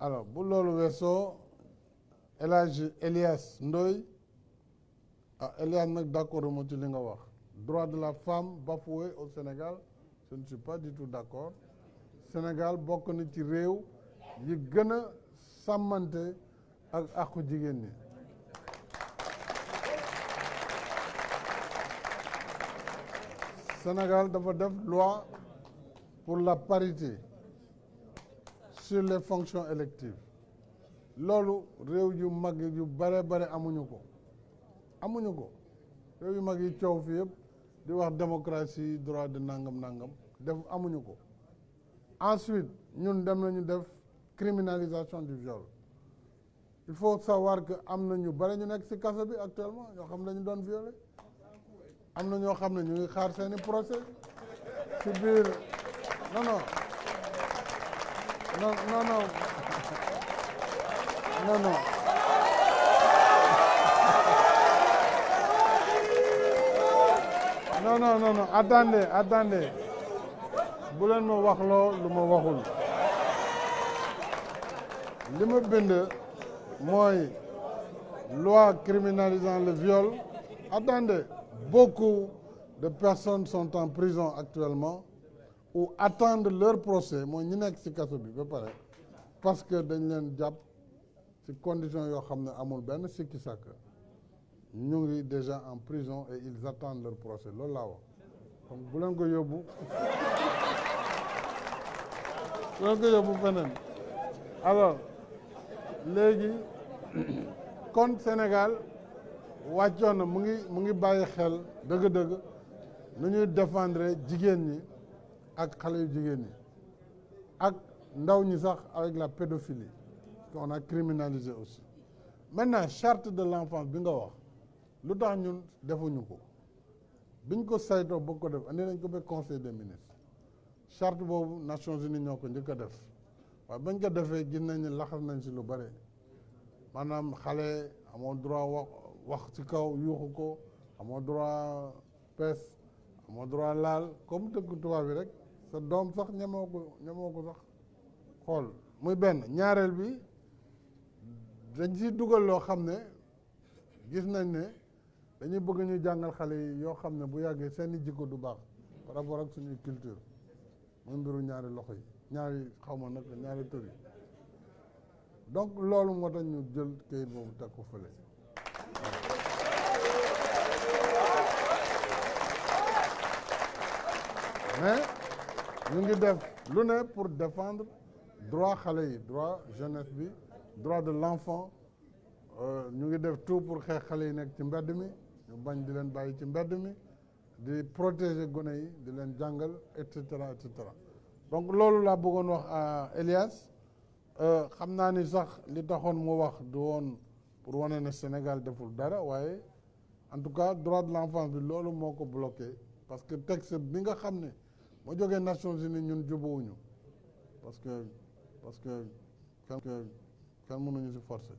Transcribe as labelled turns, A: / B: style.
A: alors bu loolu weesoo El Hadj Elias Ndoye ah Elias nag d'accord ma ci li nga wax droit de la femme bafoué au Sénégal je ne suis pas du tout d'accord Sénégal bokk na ci réew yi gën a sàmmante ak àqu jigéen ñi Sénégal dafa def loi pour la parité sur les fonctions élective loolu réew yu mag yu bare bare amuñu ko amuñu ko réew yu mag yi coow fi yëpp di wax démocratie droit de nangam nangam def amuñu ko ensuite ñun dem nañu def criminalisation du viol il faut savoir que am na ñu bare ñu nekk ci kaso bi actuellement ñoo xam ne dañu doon violé am na ñoo xam ne ñu ngi xaar seeni procès ci biir non No, no, no. No, no. Non, non, non, non. Attendez, attendez. bu ma wax loo lu ma waxul li ma bind mooy loi criminalisant le viol attendez beaucoup de personnes sont en prison actuellement ou attendre leur procès mooy ñu nekk si kaso bi ba pare parce que dañ leen jàpp ci condition yoo xam ne amul benn sikki sàkk ñu ngi déjà en prison et ils attendent leur procès loolu laa wax donc bu leen ko yóbbu feneen alors léegi kon Sénégal wàccoon na mu ngi mu ngi bàyyi xel dëgg-dëgg nu ñuy défendre jigéen ñi ak xale yu jigéen ñi ak ndaw ñi sax avec la pédophilie qu'on a criminalisé aussi maintenant charte de l'enfance bi nga wax lu tax ñun defuñu ko biñ ko saytoo bëgg ko def andi nañ ko ba conseil des ministres charte boobu Nations Unies ñoo ko njëkk a def waaye bañ ko defee gis nañu ne laxas nañ si lu bare maanaam xale amoo droit wax wax ci kaw yuuxu ko amoo droit pes amoo droit laal comme tëgg tubaab bi rek sa doom sax ñamoo ko ñamoo ko sax xool muy benn ñaareel bi dañ si dugal loo xam ne gis nañ ne dañuy bëgg ñu jàngal xale yi yoo xam ne bu yàggee seeni jikko du baax par rapport ak suñuy culture muy mbiru ñaari loxo yi ñaari xaw ma nag ñaari tur yi donc loolu moo tax ñu jël kayit boobu teg ko fële mais ñu ngi def lu ne pour défendre droit xale yi droit jeunesse bi droit de l'enfant euh, ñu ngi def tout pour xeex xale yi nekk ci mbedd mi ñu bañ di leen bàyyi ci mbedd mi di protéger gone yi di leen jàngal et cetera et cetera donc loolu laa bëggoon wax à Elias euh, xam naa ni sax li taxoon mu wax du woon pour wane ne Sénégal deful dara waaye en tout cas droit de l'enfant bi loolu moo ko bloqué parce que texte bi nga xam ne boo jógee Nations Unies ñun jubbuwuñu parce que parce que kenn kenn mënuñu si forcer